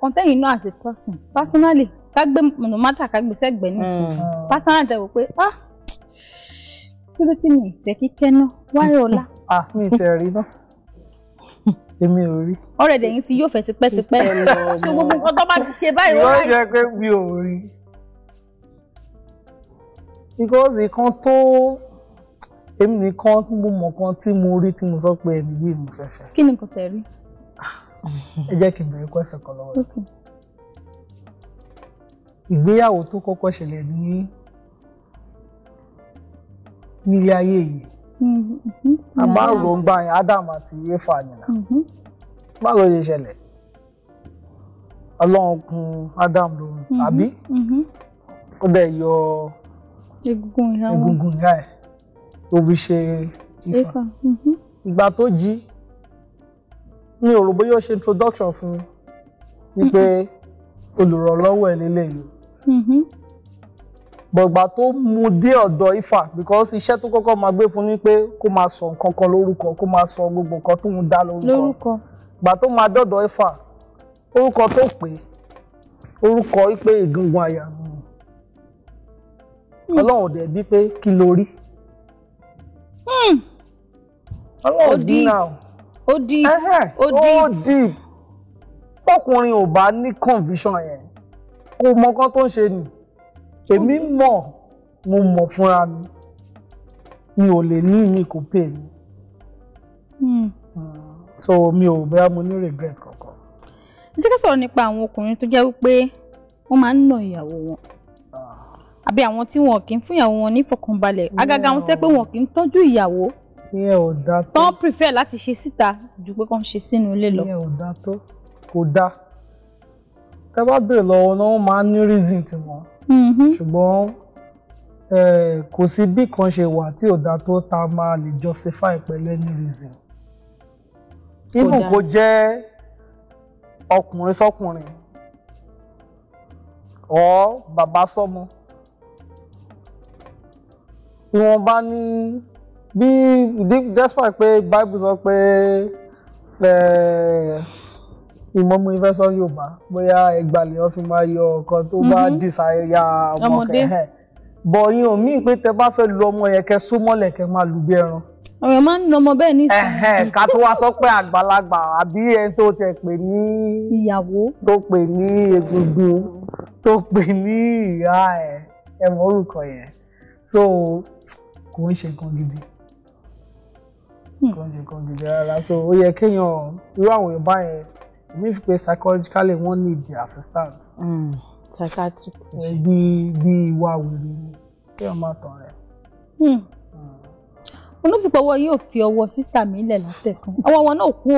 kankan tẹ́yìn náà as a person personally ká gbé no matter ká gbé sẹ́gbẹ́ nísìn hmm. hmm. personally tẹ̀ wò pé ah kí ló ti mi ìfẹ́ kíkẹ́ náà wáyé ọ̀la. ah mi ìfẹ́ rí náà èmi ò rí. ọ̀rẹ́ dẹ̀yìn tí yóò fẹ́ tipẹ́tipẹ́ ṣé gbogbo nǹkan tó bá ti ṣe báyìí ó láì. ìwọ jẹ́ pé mi ò rí because ìkan tó èmi nìkan mo mọ̀ kan tí mo rí tí mo sọ pé ẹni yìí mo fẹ́ kí ni kò tẹ̀ rí ẹ jẹ́ kí n bẹ̀rẹ̀ kọ́sẹ̀ kan lọ́wọ́ rẹ̀ ìgbéyàwó tó kọ́kọ́ ṣẹlẹ̀ ní nílé ayé yìí mm-hmm. a bá rò ń gbà yẹn Adam àti Éfà nìyà mm-hmm. báwo ló ṣẹlẹ̀ Ọlọ́run kùn Adam lóhùn mm-hmm. àbí ó dẹ̀ yọ egungun ìyá ẹ̀ tó fi ṣe Éfà ìgbà tó jí mi ò rò bóyá ó ṣe introduction fún mi wípé olùrànlọ́wọ́ ẹ̀ lélẹ́yìí mm-hmm. bọ̀gbà tó mu dé ọ̀dọ̀ ifá because iṣẹ́ tó kọ́kọ́ máa gbé fún ni pé kó máa sọ nǹkan kan lórúkọ kó máa sọ gbogbo nǹkan tó ń dá lórúkọ gbà tó máa dọ̀dọ̀ ifá orúkọ tó pè é orúkọ pé egungun àyà hmm. ọlọ́run dẹ̀ bí pé kí lo hmm. ọlọ́run dín náà ó di ó di ó di fọkùnrin ò bá ní conviction yẹn kò mọ nǹkan tó ń ṣe ni èmi mọ̀ mo mọ̀ fúnra mi mi ò lè ní mi kò pè mí hmm. so mi ò bẹ́ẹ̀ mo ní regret kankan. ǹjẹ́ ká sọ̀rọ̀ nípa àwọn ọkùnrin tó jẹ́ wípé wọ́n máa ń nà ìyàwó wọn ah. àbí àwọn tí wọn kì í fún ìyàwó wọn ní ìfọ̀kànbalẹ̀ hmm. àgàgà àwọn tẹ́ pé wọn kì í tọ́jú ìyàwó ìyẹn tán prefer láti ṣe síta ju pé kàn ṣe sínú ilé lọ ìyẹn ò dá tó kò dá tẹ bá béèrè lọ́wọ́ náà wọ́n máa ń ní reason tiwọn mm-hmm. ṣùgbọ́n kò sí bí kan ṣe wà tí ò dá tó tá máa lè justify pẹ̀lú any reason even kó jẹ́ ọkùnrin sọ́kùnrin or bàbá sọ́mọ wọn bá ní bí despite pé bible sọ pé ìmọ̀mú ìfẹ́ sọ yorùbá bóyá ẹgbàlè wọn fi máa yọ ọ̀kan tó bá mm-hmm. dìsáyà ọmọkẹ ẹ̀ bọ̀ yín ò míì pé tẹ bá fẹ́ lu ọmọ yẹn kẹ só mọ́lẹ̀ kẹ máa lù bí ẹran. ọ̀rọ̀ máa ń lọmọ bẹ́ẹ̀ ní ìsìn. ká tó wá sọ pé àgbàlagbà àbí ẹni tó tẹ pè ní. ìyàwó tó pè ní egungun tó pè ní ìyá ẹ ẹ mọ orúkọ yẹn so kò ń ṣe nǹkan gidi nǹkan jù nǹkan gidi rárá so ó yẹ kéèyàn irú àwọn èèyàn báyẹn èmi fi pé psychologically wọ́n need the assistance. Hmm. psychiatric patient. bí bí ìwà wèrè ni kéèyàn má tàn rẹ̀. Hmm. Hmm. olùsìpọ̀wọ́ yóò fi ọwọ́ sísàmì ilẹ̀ látẹ̀kùn àwọn ọmọ náà kú.